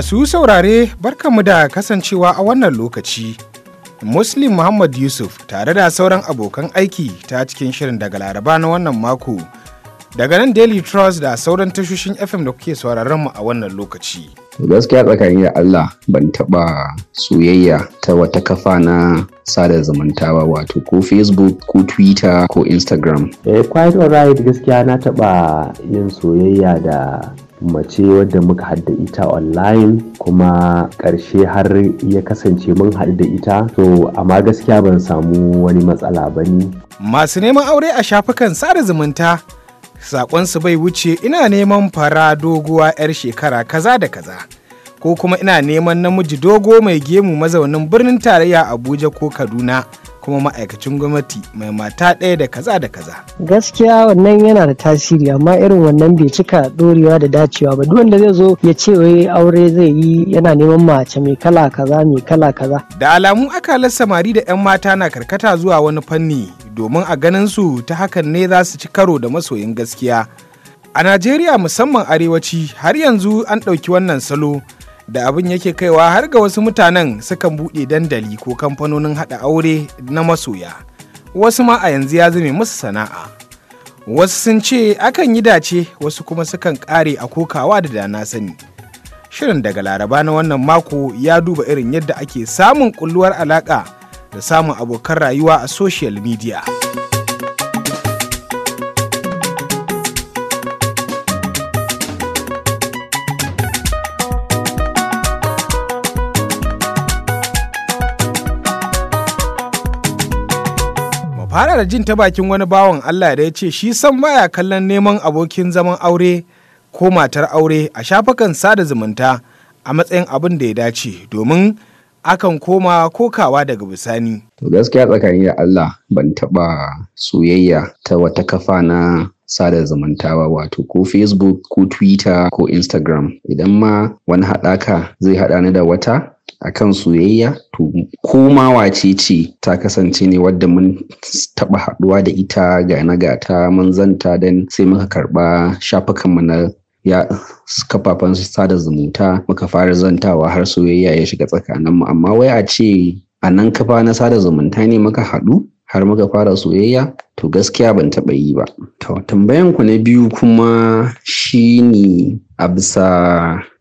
Masu saurare barkanmu da kasancewa a wannan lokaci. Muslim Muhammad Yusuf tare da sauran abokan aiki ta cikin shirin daga Laraba na wannan mako. Daga nan Daily Trust da sauran tashoshin FM da kuke sauraron mu a wannan lokaci. Gaskiya tsakanin da Allah ban taba soyayya ta wata kafa na sada zumunta wato ko Facebook ko Twitter ko Instagram. Eh, quite alright gaskiya na taba yin soyayya da mace wadda muka hadda ita online kuma ƙarshe har ya kasance mun haɗu da ita to amma gaskiya ban samu wani matsala ba ne. Masu neman aure a shafukan sada zumunta saƙonsu bai wuce ina neman fara doguwa 'yar shekara kaza da kaza ko kuma ina neman namiji dogo mai gemu mazaunin birnin tarayya Abuja ko Kaduna. kuma ma'aikacin gwamnati mai mata ɗaya da kaza da kaza. Gaskiya wannan yana da tasiri amma irin wannan bai cika ɗorewa da dacewa ba duk wanda zai zo ya ce wai aure zai yi yana neman mace mai kala kaza mai kala kaza. Da alamun akalar samari da 'yan mata na karkata zuwa wani fanni domin a ganin su ta hakan ne za su ci karo da masoyin gaskiya. A Najeriya musamman arewaci har yanzu an ɗauki wannan salo da abin yake kaiwa har ga wasu mutanen sukan buɗe dandali ko kamfanonin haɗa aure na masoya wasu ma a yanzu ya zame musu sana'a wasu sun ce akan yi dace wasu kuma sukan ƙare a kokawa da dana sani shirin daga laraba na wannan mako ya duba irin yadda ake samun kulluwar alaƙa da samun abokan rayuwa a social media. fara da jin ta bakin wani bawan Allah da ya ce shi san baya kallon neman abokin zaman aure ko matar aure a shafukan sada zumunta a matsayin abin da ya dace domin akan koma kokawa daga bisani. gaskiya tsakanin da Allah ban taɓa soyayya ta wata kafa na sada zumunta ba wato ko Facebook ko Twitter ko Instagram idan ma wani haɗaka zai haɗa ni da wata akan soyayya to koma wace ce ta kasance ne wadda mun taba haduwa da ita ga na gata mun zanta dan sai muka karba shafukanmu na ya kafafen sada zumunta muka fara zantawa har soyayya ya shiga tsakaninmu amma wai a ce a nan kafa na sada zumunta ne muka haɗu har muka fara soyayya to gaskiya ban taɓa yi ba to tambayan na biyu kuma shine a bisa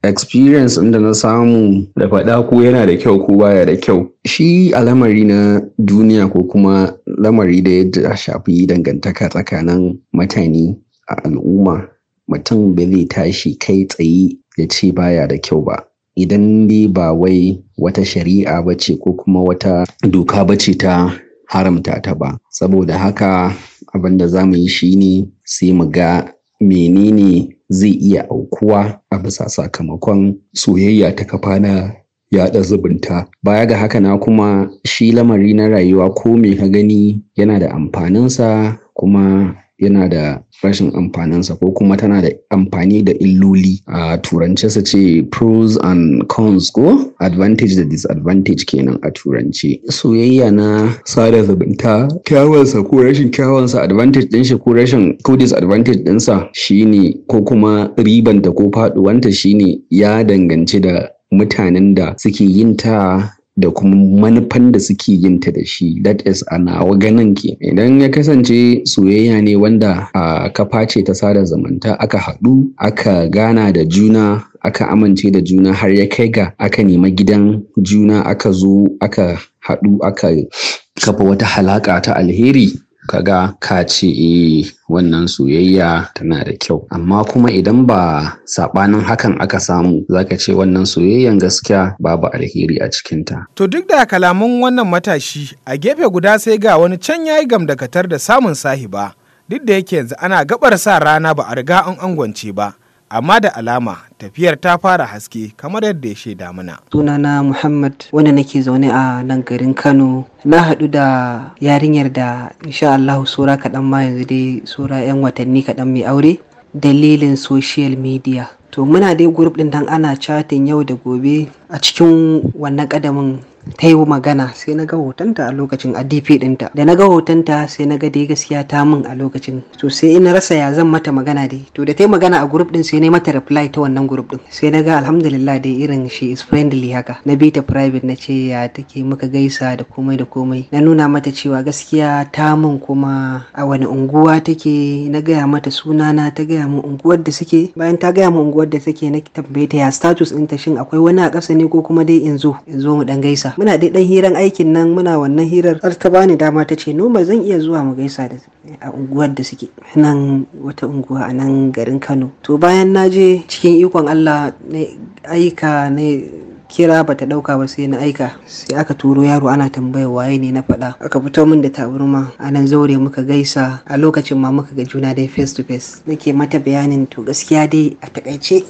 experience inda na samu da faɗa ko yana da kyau ko baya da kyau shi a lamari na duniya ko kuma lamari da yadda shafi dangantaka tsakanin mutane a al'umma mutum ba zai tashi kai tsaye ya ce baya da kyau ba idan dai ba wai wata shari'a ba ce ko kuma wata doka ba ce ta haramta ta ba saboda haka abin da za mu yi shi ne sai mu ga menene zai iya aukuwa a bisa sakamakon soyayya ta kafa na yaɗa zubunta baya ga haka na kuma shi lamari na rayuwa ko me ka gani yana da amfaninsa kuma yana da rashin amfaninsa ko kuma tana da amfani da illoli a turance su ce pros and cons ko advantage da disadvantage kenan a turance soyayya na sada zabinta, kyawunsa ko rashin kyawunsa advantage din ko rashin ko disadvantage dinsa shine ko kuma ribanta ko faduwanta shine ya danganci da mutanen da suke yin ta da kuma manufan da suke yin ta da shi that is a nawa ganin ke idan ya kasance soyayya ne wanda a kafa ce ta sada zamanta aka haɗu aka gana da juna aka amince da juna har ya kai ga aka nema gidan juna aka zo aka haɗu aka kafa wata halaƙa ta alheri kaga ka ce eh wannan soyayya tana da kyau amma kuma idan ba sabanin hakan aka samu zaka ce wannan soyayyan gaskiya babu alheri a cikinta to duk da kalamun wannan matashi a gefe guda sai ga wani can yayi gamdakatar da samun sahiba duk da yake yanzu ana gabar sa rana ba a riga an angwance ba amma da alama tafiyar ta fara haske kamar yadda ya shaida mana. Sunana Muhammad wanda nake zaune a nan garin Kano na haɗu da yarinyar da insha Allah sura kaɗan ma yanzu dai sura 'yan watanni kaɗan mai aure dalilin social media. To muna dai gurup ɗin dan ana chatting yau da gobe a cikin wannan kadamin. ta yi magana sai na ga hotonta a lokacin a dp dinta da na ga hotonta sai na ga dai gaskiya ta min a lokacin to sai ina rasa ya zan mata magana dai to da ta yi magana a group din sai na mata reply ta wannan group din sai na ga alhamdulillah dai irin shi is friendly haka na bi ta private na ce ya take muka gaisa da komai da komai na nuna mata cewa gaskiya ta min kuma a wani unguwa take na gaya mata sunana ta gaya min unguwar da suke bayan ta gaya min unguwar da take na tambaye ta ya status ɗinta shin akwai wani a ƙasa ne ko kuma dai in zo in zo mu dan gaisa gaisa muna dai dan hirar aikin nan muna wannan hirar har ta bani dama ta ce noma zan iya zuwa mu gaisa da a unguwar da suke nan wata unguwa a nan garin Kano to bayan na je cikin ikon Allah ne aika ne kira bata dauka ba sai na aika sai aka turo yaro ana tambaya waye ne na faɗa aka fito min da tabarma a nan zaure muka gaisa a lokacin ma muka ga juna dai face to face nake mata bayanin to gaskiya dai a takaice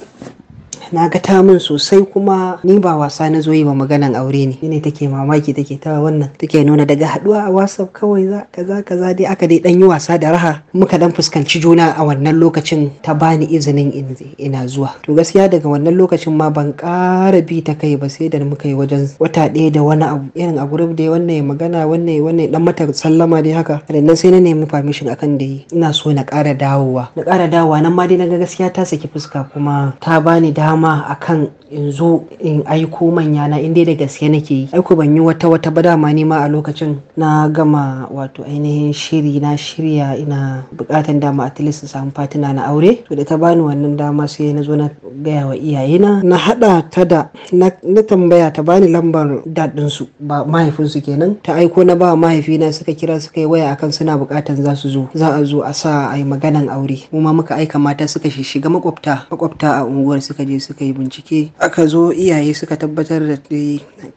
na ga ta min sosai kuma ni ba wasa na zo yi ba maganan aure ne ne take mamaki take ta wannan take nuna daga haduwa a whatsapp kawai za kaza kaza dai aka dai dan yi wasa da raha muka dan fuskanci juna a wannan lokacin ta bani izinin ina zuwa to gaskiya daga wannan lokacin ma ban ƙara bi ta kai ba sai da muka yi wajen wata ɗaya da wani abu irin a gurin da wannan ya magana wannan ya wannan dan mata sallama dai haka da nan sai na nemi permission akan da ina so na kara dawowa na ƙara dawowa nan ma dai na ga gaskiya ta saki fuska kuma ta bani dama dama kan in zo in aiko manya na in dai da gaske nake yi aiko ban yi wata wata ba dama ne ma a lokacin na gama wato ainihin shiri na shirya ina bukatan dama at least samu fatina na aure to da ta bani wannan dama sai na zo na gaya wa iyayena na hada ta da na tambaya ta bani lambar dadin su ba mahaifinsu kenan ta aiko na ba mahaifina suka kira suka yi waya akan suna bukatan za su zo za a zo a sa a maganan aure mu muka aika mata suka shiga makwabta makwabta a unguwar suka je su suka yi bincike aka zo iyaye suka tabbatar da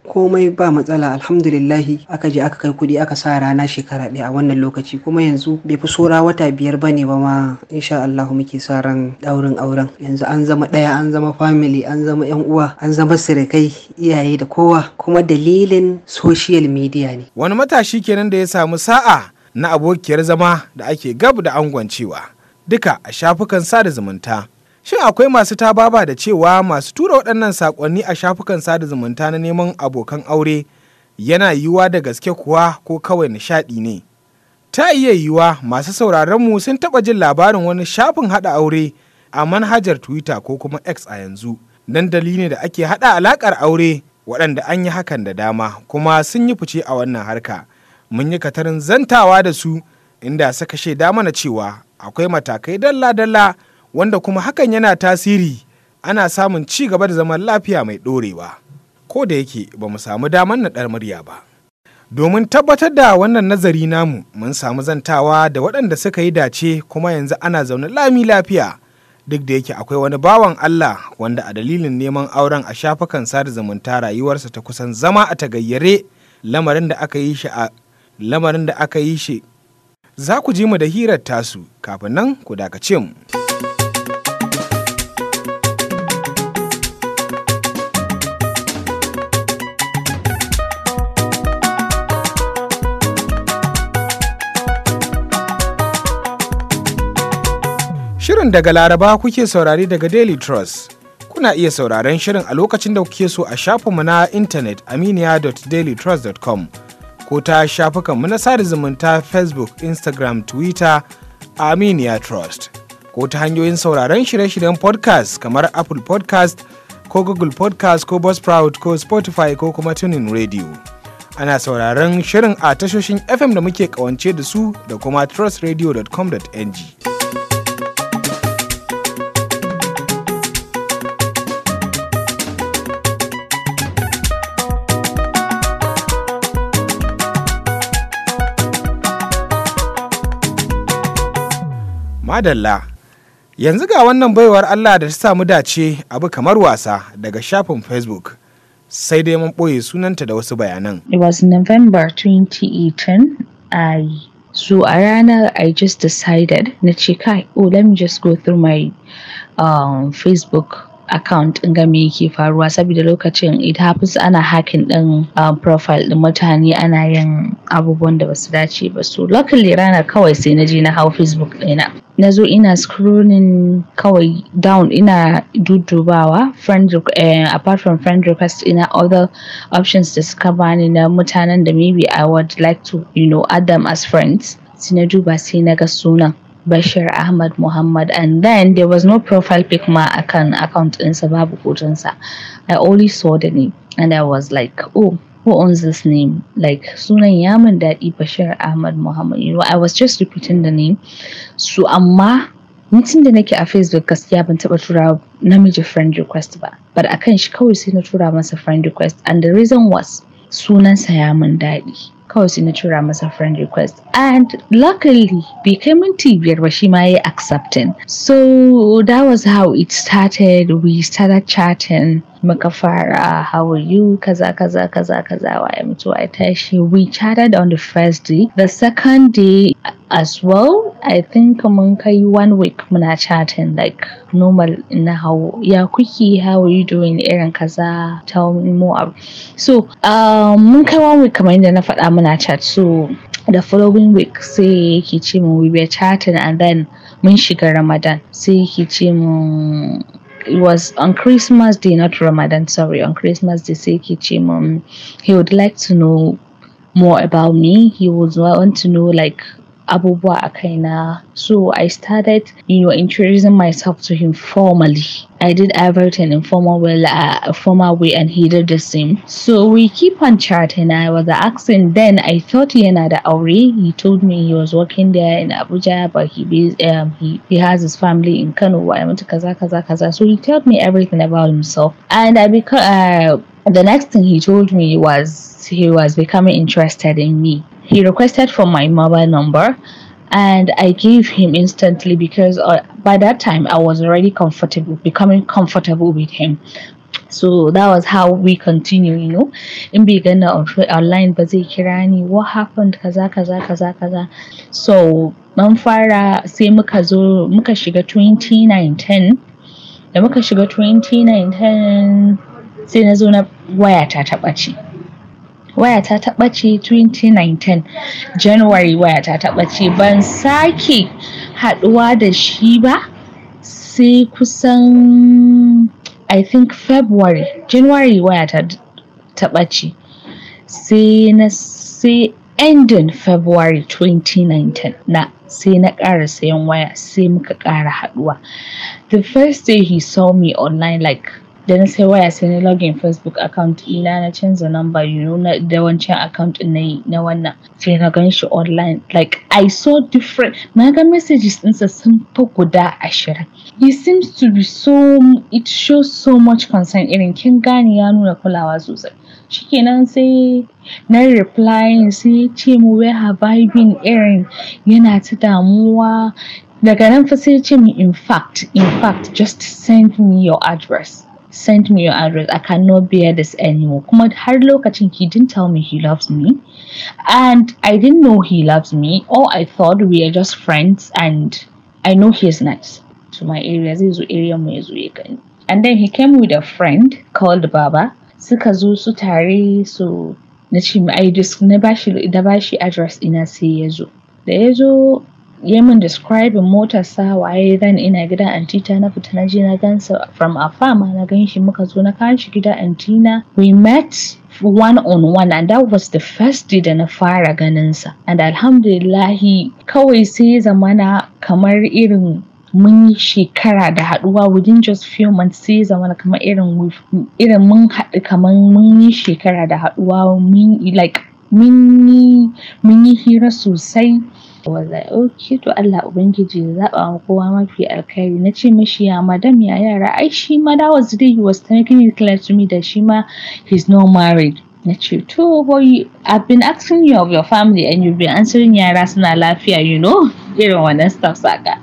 komai ba matsala alhamdulillahi aka je aka kai kudi aka sa rana shekara ɗaya a wannan lokaci kuma yanzu bai fi sora wata biyar ba ne ba ma insha Allah muke sa ran ɗaurin auren yanzu an zama ɗaya an zama family an zama yan uwa an zama sirikai iyaye da kowa kuma dalilin social media ne wani matashi kenan da ya samu sa'a na abokiyar zama da ake gab da angon cewa duka a shafukan sada zumunta Shin akwai masu tababa da cewa masu tura waɗannan saƙonni a shafukan sada zumunta na neman abokan aure yana yiwuwa da gaske kuwa ko kawai nishaɗi ne? Ta iya yiwuwa masu sauraronmu sun taɓa jin labarin wani shafin haɗa aure a manhajar Twitter ko kuma X a yanzu. Dandali ne da ake haɗa alaƙar aure waɗanda an yi hakan da dama kuma sun yi fice a wannan harka. Mun yi katarin zantawa da su inda suka shaida mana cewa akwai matakai dalla-dalla wanda kuma hakan yana tasiri ana samun ci gaba da zaman lafiya mai ɗorewa ko da yake ba mu samu damar naɗar murya ba domin tabbatar da wannan nazari namu mun samu zantawa da waɗanda suka yi dace kuma yanzu ana zaune lami lafiya duk da yake akwai wani bawan Allah wanda a dalilin neman auren a shafukan sada zumunta rayuwarsa ta kusan zama a tagayyare lamarin da aka yi shi a lamarin da aka yi shi za ku ji mu da hirar tasu kafin nan ku dakace mu. Shirin daga Laraba kuke saurari daga Daily Trust. Kuna iya sauraren shirin a lokacin da kuke so a shafinmu na intanet aminiya.dailytrust.com ko ta shafukanmu na sada zumunta Facebook, Instagram, Twitter a Aminiya Trust. Ko ta hanyoyin sauraren shirye-shiryen podcast kamar Apple podcast ko Google podcast ko Buzzsprout ko Spotify ko kuma Tuning Radio. Ana sauraren shirin a tashoshin FM da muke kawance da su da kuma trustradio.com.ng. madalla yanzu ga wannan baiwar allah da ta samu dace abu kamar wasa daga shafin facebook sai dai mun ɓoye sunanta da wasu bayanan it was november 2018 i so a ranar i just decided na ce kai oh let me just go through my um, facebook account din ga me yake faruwa saboda lokacin it happens ana hacking ɗin ah, profile din mutane ana yin abubuwan da basu dace ba so luckily rana kawai sai na je na hau facebook ɗina na zo ina scrolling kawai down ina dudubawa friend eh, apart from friend request ina other options da suka bani na mutanen da maybe I would like to you know add them as friends sai na duba sai na ga sunan Bashir Ahmad Muhammad and then there was no profile pic ma akan account ɗinsa babu hotonsa. I only saw the name and I was like, oh, who owns this name? Like sunan yamin daɗi Bashir Ahmad Muhammad. You know, I was just repeating the name. So amma mutum da nake a Facebook gaskiya ban taɓa tura namiji friend request ba. But akan shi kawai sai na tura masa friend request and the reason was sunansa yaman daɗi. kawai sai na tura masa friend request and luckily bai kai minti biyar ba shi ma ya accepting so that was how it started we started chatting Makafara, fara how are you kaza kaza kaza kaza why am I tashi we chatted on the first day the second day as well i think mun kai one week muna chatting like normal in how ya kuke how are you doing irin kaza tell me more so um, mun kai one week kamar yadda na faɗa muna chat so the following week see, yake ce we were chatting and then mun shiga ramadan sai yake ce it was on Christmas Day, not Ramadan, sorry, on Christmas Day, Seki Chimon, he would like to know more about me. He would want to know like abubwa a So I started, you know, introducing myself to him formally. I did advert in a uh, formal way and he did the same. So we keep on chatting. I was asking then I thought he had already. Oh, he told me he was working there in Abuja but he um he, he has his family in Kano. I went to Kaza Kaza Kaza. So he told me everything about himself and I because uh, the next thing he told me was he was becoming interested in me. He requested for my mobile number and I gave him instantly because uh, by that time I was already comfortable, becoming comfortable with him. So that was how we continue, you know. In beginner online, ba zai what happened, kaza, kaza, kaza, kaza. So, mun same kazo mukashiga twenty nine ten. Mukashiga twenty nine ten. 2019. Da muka shiga 2019, na wayata ta ɓace 2019 january wayata ta ɓace ban sake haɗuwa da shi ba sai kusan i think february january wayata ta ɓace sai na sai ending february 2019 na sai na ƙara sayan waya sai muka ƙara haɗuwa the first day he saw me online like da na sai waya sai na login facebook account ina na canza number you know na da wancan account din nayi na wannan sai na gan online like i saw different na ga messages ɗinsa sun fa guda ashirin he seems to be so it shows so much concern irin kin gane ya nuna kulawa sosai shikenan sai na replying sai ce mu where have i irin yana ta damuwa daga nan fa sai ce mu in fact in fact just send me your address send me your address. I cannot bear this anymore. Kuma har lokacin he didn't tell me he loves me. And I didn't know he loves me. All I thought we are just friends and I know he is nice to my area. This area And then he came with a friend called Baba. Suka so su so su na ce ai na address in a ya ya min describing motarsa waye ran ina gidan antina na fita na je na gansa from afar ma na gan shi muka zo na kawo shi gida antina we met one on one and that was the first day da na fara ganinsa and alhamdulillahi kawai sai zamana kamar irin mun yi shekara da haduwa within just few months sai zamana kamar irin irin mun haɗu kamar mun yi shekara da haduwa mun like mun yi hira sosai wallahi oh ke to Allah ubangiji ya zaba wa kowa mafi alkhairi na ce mashi ya madam ya yara ai shi ma that was the day he was making it clear to me that she ma he's not married na ce to boy I've been asking you of your family and you've been answering yara suna lafiya you know irin wannan stuff saka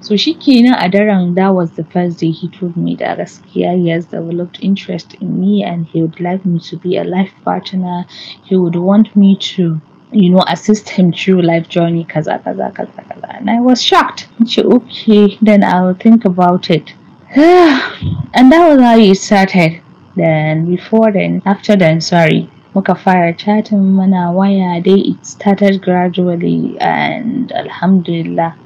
so shi kenan a daren that was the first day he told me that gaskiya he has developed interest in me and he would like me to be a life partner he would want me to you know, assist him through life journey, kaza, kaza, kaza, kaza. And I was shocked. She, okay, then I'll think about it. and that was how it started. Then, before then, after then, sorry, muka chat, and mana waya they? it started gradually and alhamdulillah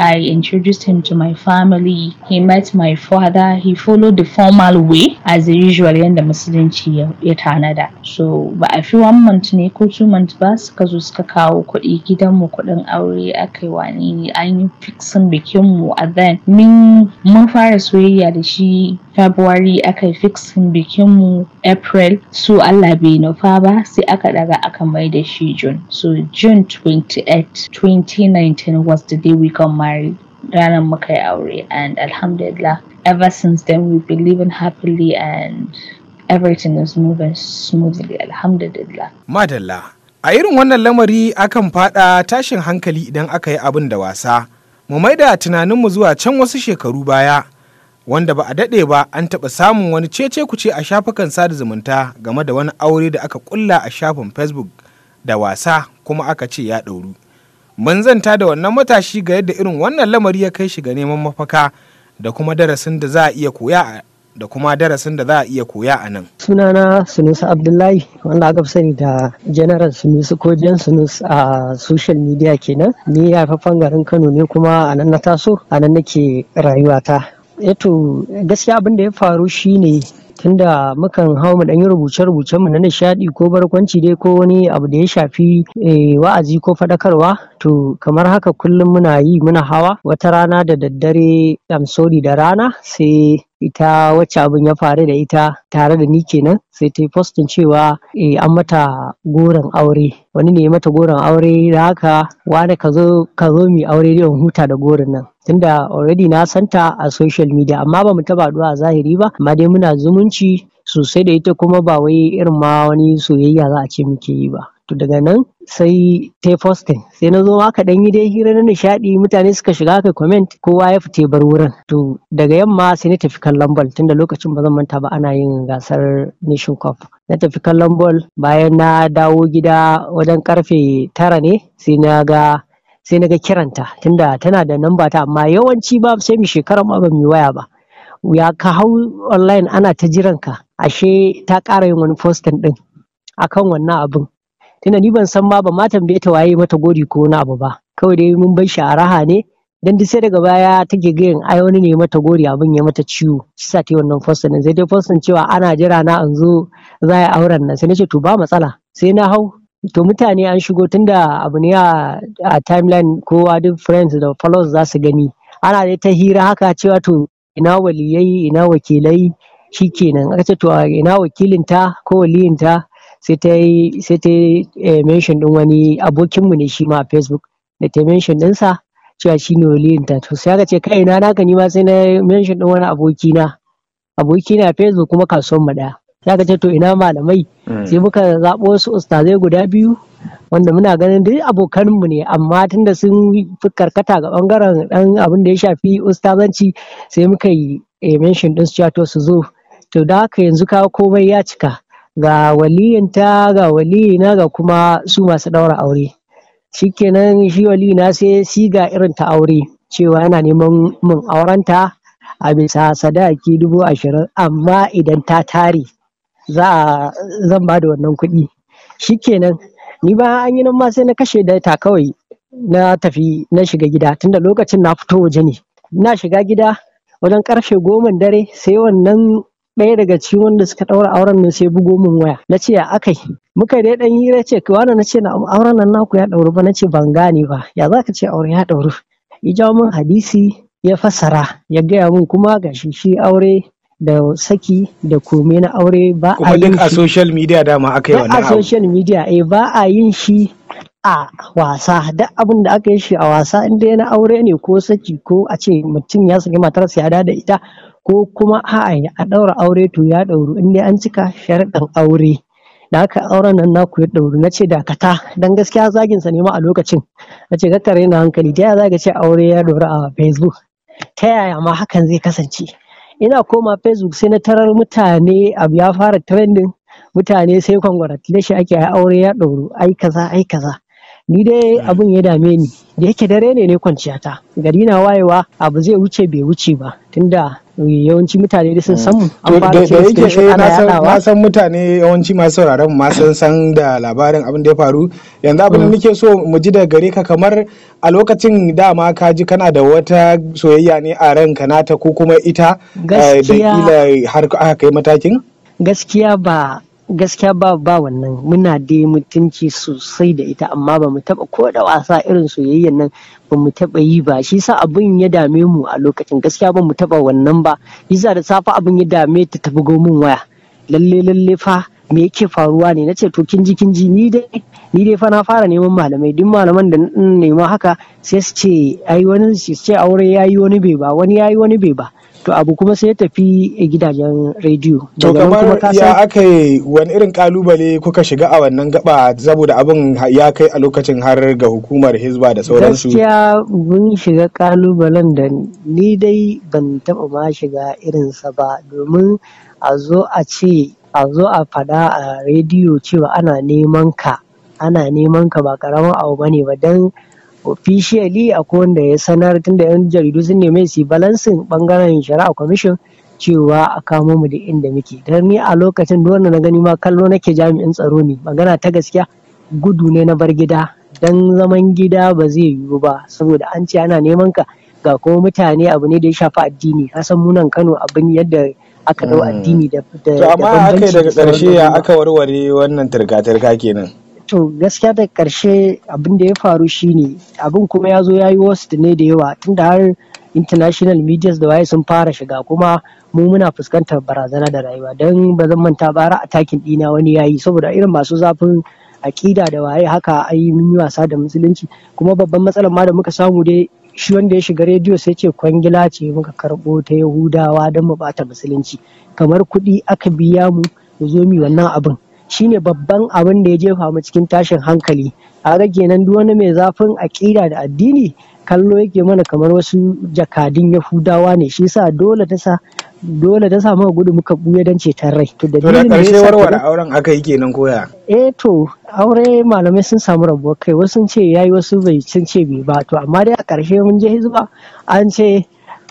I introduced him to my family. He met my father. He followed the formal way as usual yadda here in Canada. So but a one month ne ko two month ba suka zo suka kawo kuɗi gidanmu kuɗin aure aka yi wani ne an yi fixin bikinmu a then min mun fara soyayya da shi February aka yi fixin bikinmu April so Allah bai nufa ba sai aka daga aka mai da shi June. So June 28, 2019 was the day we got married. married. Ranar muka and alhamdulillah ever since then we've been living happily and everything is moving smoothly alhamdulillah. Madalla a irin wannan lamari akan fada tashin hankali idan aka yi abin da wasa mu maida tunaninmu zuwa can wasu shekaru baya wanda ba a daɗe ba an taɓa samun wani cece kuce a shafukan sada zumunta game da wani aure da aka ƙulla a shafin facebook da wasa kuma aka ce ya ɗauru. mun zanta da wannan matashi ga yadda irin wannan lamari ya kai shi ga neman mafaka da kuma darasin da za a iya koya da kuma darasin da za a iya koya a nan. Sunana Sunusu Abdullahi wanda aka fi sani da General Sunusu ko Jan Sunus a social media kenan. Ni fi garin Kano ne kuma a nan na taso a nan nake rayuwata. Eto eh gaskiya abin da ya faru shine tunda mukan hau mu ɗan yi rubuce rubuce mu na nishaɗi ko barkwanci dai ko wani abu da ya shafi eh, wa'azi ko faɗakarwa to kamar haka kullum muna yi muna hawa wata rana da daddare am sorry da rana sai ita wacce abin ya faru da ita tare da ni kenan sai ta yi fostin cewa e an mata goron aure wani ne ya mata goron aure da haka wane ka zo muyi aure da huta da goron nan tunda already na santa a social media amma bamu taɓa haɗuwa a zahiri ba amma dai muna zumunci sosai da ita kuma ba wai irin ma wani soyayya za a ce muke yi ba. to daga nan sai ta posting sai na zo maka dan yi dai hira na nishaɗi mutane suka shiga ka comment kowa ya fita bar wurin to daga yamma sai na tafi kallon ball tunda lokacin ba zan manta ba ana yin gasar nation cup na tafi kallon ball bayan na dawo gida wajen karfe tara ne sai na ga sai na ga kiranta tunda tana da namba ta amma yawanci ba sai mu shekara ma ba mu waya ba ya ka hau online ana ta jiran ka ashe ta ƙara yin wani fostin din akan wannan abin tunda ni ban san ma ba ma tambaye ta waye mata gori ko wani abu ba kawai dai mun bar shi a raha ne dan duk sai daga baya take gayin ai wani ne mata gori abin ya mata ciwo shi sa ta wannan fosin sai dai fosin cewa ana jira na an zo za a yi auren nan sai nace to ba matsala sai na hau to mutane an shigo tunda abu ne a, a timeline kowa duk friends da followers za su gani ana da ta hira haka cewa to ina waliyai ina wakilai shikenan aka ce to ina wakilin ta ko waliyin ta sai ta sai eh, mention ɗin wani abokinmu ne shi ma a Facebook da tayi mention ɗinsa cewa wali ta. to sai aka ce kai ina naka ni ma sai na mention ɗin wani abokina abokina a Facebook kuma kasuwan mu ɗaya sai aka ce to ina malamai hmm. sai muka zaɓo wasu ustazai guda biyu wanda muna ganin duk abokanmu ne amma tunda sun fi karkata ga bangaren dan abin da ya shafi ustazanci sai muka yi eh, mention din su cewa to su zo to da haka yanzu kawo komai ya cika ga waliyinta ga waliyina ga kuma su masu ɗaura aure shikenan shi waliyina sai shi ga irin ta aure cewa yana neman min aurenta a bisa sadaki dubu ashirin amma idan ta tare za a zan ba da wannan kuɗi shikenan ni bayan an yi nan ma sai na kashe da ta kawai na tafi na shiga gida tunda lokacin na fito waje ne Na shiga gida wajen karfe goman dare sai wannan ɗaya daga cikin wanda suka ɗaura auren nan sai bugo min waya na ce ya akai muka dai ɗan hira ce wani na ce na auren nan naku ya ɗauru ba na ce ban gane ba ya za ka ce aure ya ɗauru ya jawo min hadisi ya fassara ya gaya min kuma ga shi aure da saki da kome na aure ba a yin shi a social media dama aka yi wannan a social media eh ba a yin shi a wasa duk abin da aka yi shi a wasa inda na aure ne ko saki ko a ce mutum ya saki matarsa ya da ita ko kuma a'a a ɗaura aure to ya ɗauru in dai an cika sharuɗɗan aure da haka auren nan naku ya ɗauru na ce dakata don gaskiya zagin sa ne ma a lokacin na ce kar raina hankali ta yaya za ka ce aure ya ɗauru a facebook ta yaya ma hakan zai kasance ina koma facebook sai na tarar mutane abu ya fara trending mutane sai congratulation ake ai aure ya ɗauru ai kaza ai kaza ni dai abun ya dame ni da yake dare ne ne kwanciya ta gari na wayewa abu zai wuce bai wuce ba tunda eh, yawanci mutane da sun san mu an fara da yake eh, na san mutane yawanci masu sauraron ma sun san da labarin abin da ya faru yanzu abin da mm. nake so mu ji da gare ka kamar a lokacin dama ka ji kana da wata soyayya ne a ranka nata ko kuma ita eh, da kila har aka kai matakin gaskiya ba gaskiya ba ba wannan muna da mutunci sosai da ita amma bamu taba ko da wasa irin soyayyan nan bamu taba yi ba Shi sa abin ya dame mu a lokacin gaskiya bamu taba wannan ba yasa da safe abin ya dame ta ta bugo min waya lalle lalle fa me yake faruwa ne nace to kin ji kin ji ni dai ni dai fa na fara neman malamai duk malaman da na nema haka sai su ce ai wani su ce aure yayi wani bai ba wani yayi wani bai ba to abu kuma sai ya tafi gidajen rediyo to kamar ya aka yi wani irin kalubale kuka shiga a wannan gaba saboda abin ya kai a lokacin har ga hukumar hizba da sauransu gaskiya mun shiga kalubalen da ni dai ban taba ma shiga irinsa ba domin a zo a ce a zo a fada a rediyo cewa ana neman ka ana neman ka ba karamin abu bane ba dan officially akwai wanda ya sanar da yan jaridu sun neme su balansin bangaren shari'a commission cewa a kamo mu da inda muke don ni a lokacin da na gani ma kallo nake jami'in tsaro ne magana ta gaskiya gudu ne na bar gida dan zaman gida ba zai yiwu ba saboda an ce ana neman ka ga kuma mutane abu ne da ya shafi addini ka san munan Kano abin yadda aka dau hmm. addini da da amma aka daga karshe ya aka warware wannan turka turka kenan to gaskiya daga karshe abin da ya faru shine abin kuma ya zo ya yi worst ne da yawa tunda har international medias da waye sun fara shiga kuma mu muna fuskantar barazana da rayuwa don ba zan manta ba a takin dina wani yayi saboda irin masu zafin aƙida da waye haka ai mun yi wasa da musulunci kuma babban matsalar ma da muka samu dai shi wanda ya shiga rediyo sai ce kwangila ce muka karɓo ta yahudawa don mu bata musulunci kamar kuɗi aka biya mu mu zo mi wannan abin shine babban abin da ya jefa mu cikin tashin hankali A rage kenan duk wani mai zafin aƙida da addini kallo yake mana kamar wasu jakadun yahudawa ne shi yasa dole ta sa dole ta sa muka gudu muka buya don ceton rai to da ƙarshe warware auren aka yi kenan koya eh to aure malamai sun samu rabuwar kai wasu sun ce yayi wasu bai sun ce bai ba to amma dai a karshe mun je hizba an ce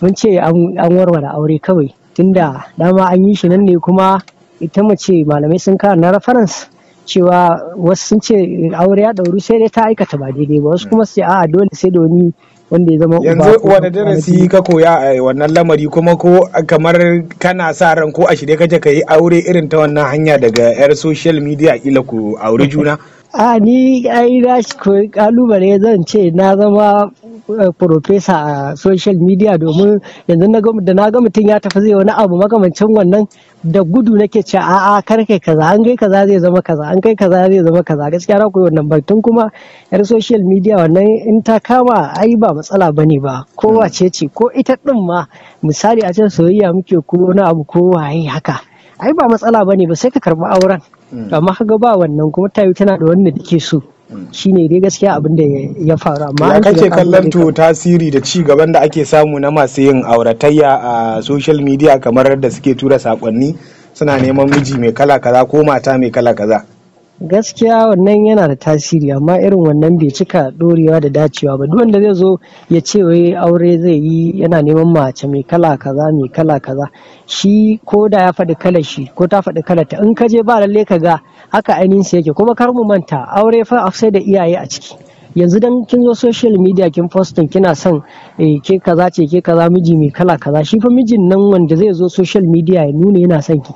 mun ce an warware aure kawai tunda dama an yi shi nan ne kuma ita mace malamai sun kawo na reference cewa wasu sun ce aure ya dauru sai dai ta aikata ba daidai ba wasu kuma su ce a'a dole sai da wani wanda ya zama uba yanzu wani darasi ka koya a wannan lamari kuma ko kamar kana sa ran ko a shirye kake ka yi aure irin ta wannan hanya daga yar social media kila ku aure juna a ni ai ko kalubale zan ce na zama Eh, profesa a social media domin yanzu da na ga mutum ya tafi zai wani abu makamancin wannan da gudu nake ce a'a kar kai kaza an kai kaza zai zama kaza an kai kaza zai zama kaza gaskiya na koyi wannan batun kuma yar social media wannan in ta kama ai ba matsala bane ba ko hmm. wace ce ko ita din ma misali a can soyayya muke ku wani abu ko waye haka ai ba matsala bane ba sai ka karbi auren hmm. amma ga ba wannan kuma tayi tana da wanda take so shine dai gaskiya abin da ya faru amma ya kake kallon to tasiri da ci gaban da ake samu na masu yin auratayya a social media kamar da suke tura sakonni suna neman miji mai kala kaza ko mata mai kala kaza gaskiya wannan yana da tasiri amma irin wannan bai cika ɗorewa da dacewa ba duk wanda zai zo ya ce wai aure zai yi yana neman mace mai kala kaza mai kala kaza shi ko da ya faɗi kalar shi ko ta faɗi kala ta in ka je ba lalle ka ga haka ainihin sa yake kuma kar mu manta aure fa sai da iyaye a ciki yanzu dan kin zo social media kin posting kina son eh, ke kaza ce ke kaza miji mai kala kaza shi fa mijin nan wanda zai zo social media ya nuna yana son ki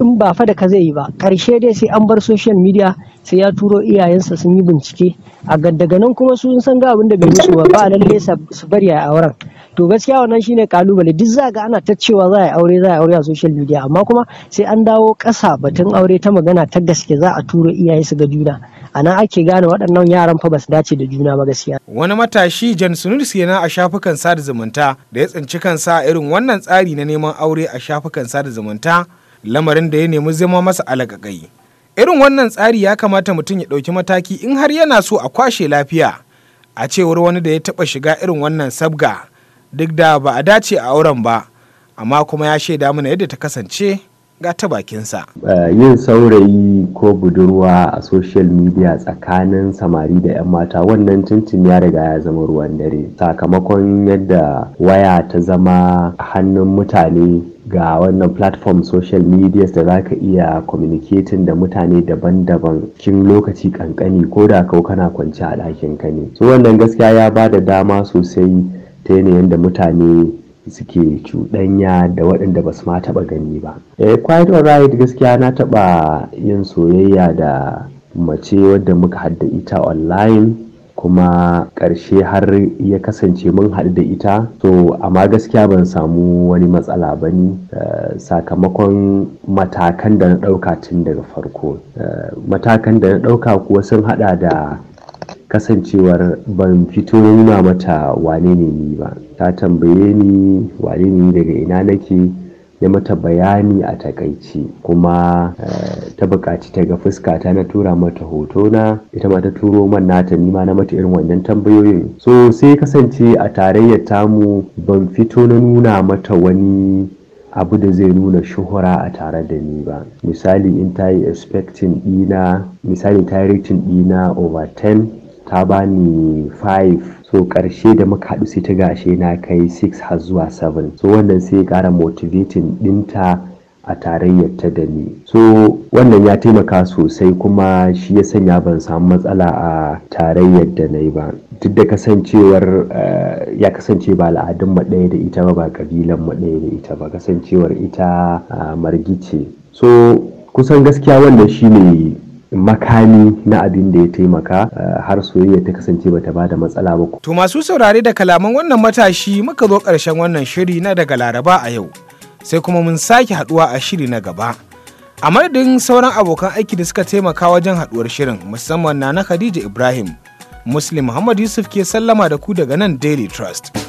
in ba fa da ka zai yi ba karshe dai sai an bar social media sai ya turo iyayensa sun yi bincike a daga nan kuma sun san ga abin da bai musu ba ba lalle su bari a auren to gaskiya wannan shine kalubale duk za ga ana ta cewa za a aure za a aure a social media amma kuma sai an dawo kasa batun aure ta magana ta gaske za a turo iyaye su ga juna a nan ake gane waɗannan yaran fa ba dace da juna ba gaskiya wani matashi jan sunus kenan a shafukan sada zumunta da ya tsinci kansa irin wannan tsari na neman aure a shafukan sada zumunta lamarin da ya nemi zama masa alaƙaƙai irin wannan tsari ya kamata mutum ya ɗauki mataki in har yana so a kwashe lafiya a cewar wani da ya taɓa shiga irin wannan sabga duk da ba a dace a auren ba amma kuma ya shaida mana yadda ta kasance ga ta bakinsa. yin saurayi ko budurwa a social media tsakanin samari da 'yan mata wannan tuntun ya riga ya zama ruwan dare sakamakon yadda waya ta zama hannun mutane ga wannan platform social medias da za ka iya communicating da mutane daban-daban cikin lokaci kankani ko da kau kana kwance a ɗakin ka ne so wannan gaskiya ya ba da dama sosai ta yanayin da mutane suke cuɗanya da waɗanda ba su ma taɓa gani ba eh quite alright gaskiya na taɓa yin soyayya da mace wadda muka hadda ita online kuma ƙarshe har ya kasance mun haɗu da ita to amma gaskiya ban samu wani matsala ba ne eh, sakamakon matakan da na ɗauka tun daga farko eh, matakan da na ɗauka kuwa sun haɗa da kasancewar ban fito nuna mata wane ne ni ba ta tambaye ni wane ne daga ina nake ya mata bayani a takaici kuma eh, ta buƙaci ta ga fuska ta na tura mata hoto na ita ma ta turo man nata ni ma na mata irin wannan tambayoyin so sai kasance a tarayyar tamu ban fito na nuna mata wani abu da zai nuna shuhura a tare da ni ba misali in ta yi expecting dina misali ta yi rating dina over 10 ta bani 5 so karshe da muka haɗu sai ta gashe na kai 6 har zuwa 7 so wannan sai ƙara motivating ɗinta a tarayyar ta da ni so wannan ya taimaka sosai kuma shi ya sanya ban samu matsala a tarayyar da na yi ba duk da kasancewar eh, ya kasance ba al'adun mu ɗaya da ita ba ba kabilan mu ɗaya da ita ba kasancewar ita ah, margice so kusan gaskiya wannan shi shine makami na abin da ya taimaka eh, har soyayya ta kasance bata ba da matsala ba. To masu saurare da kalaman wannan matashi muka zo ƙarshen wannan shiri na daga Laraba a yau. Sai kuma mun sake haduwa a shiri na gaba. A madadin sauran abokan aiki da suka taimaka wajen haduwar shirin musamman na na Khadija Ibrahim. Muslim Muhammad Yusuf ke sallama da ku daga nan Daily Trust.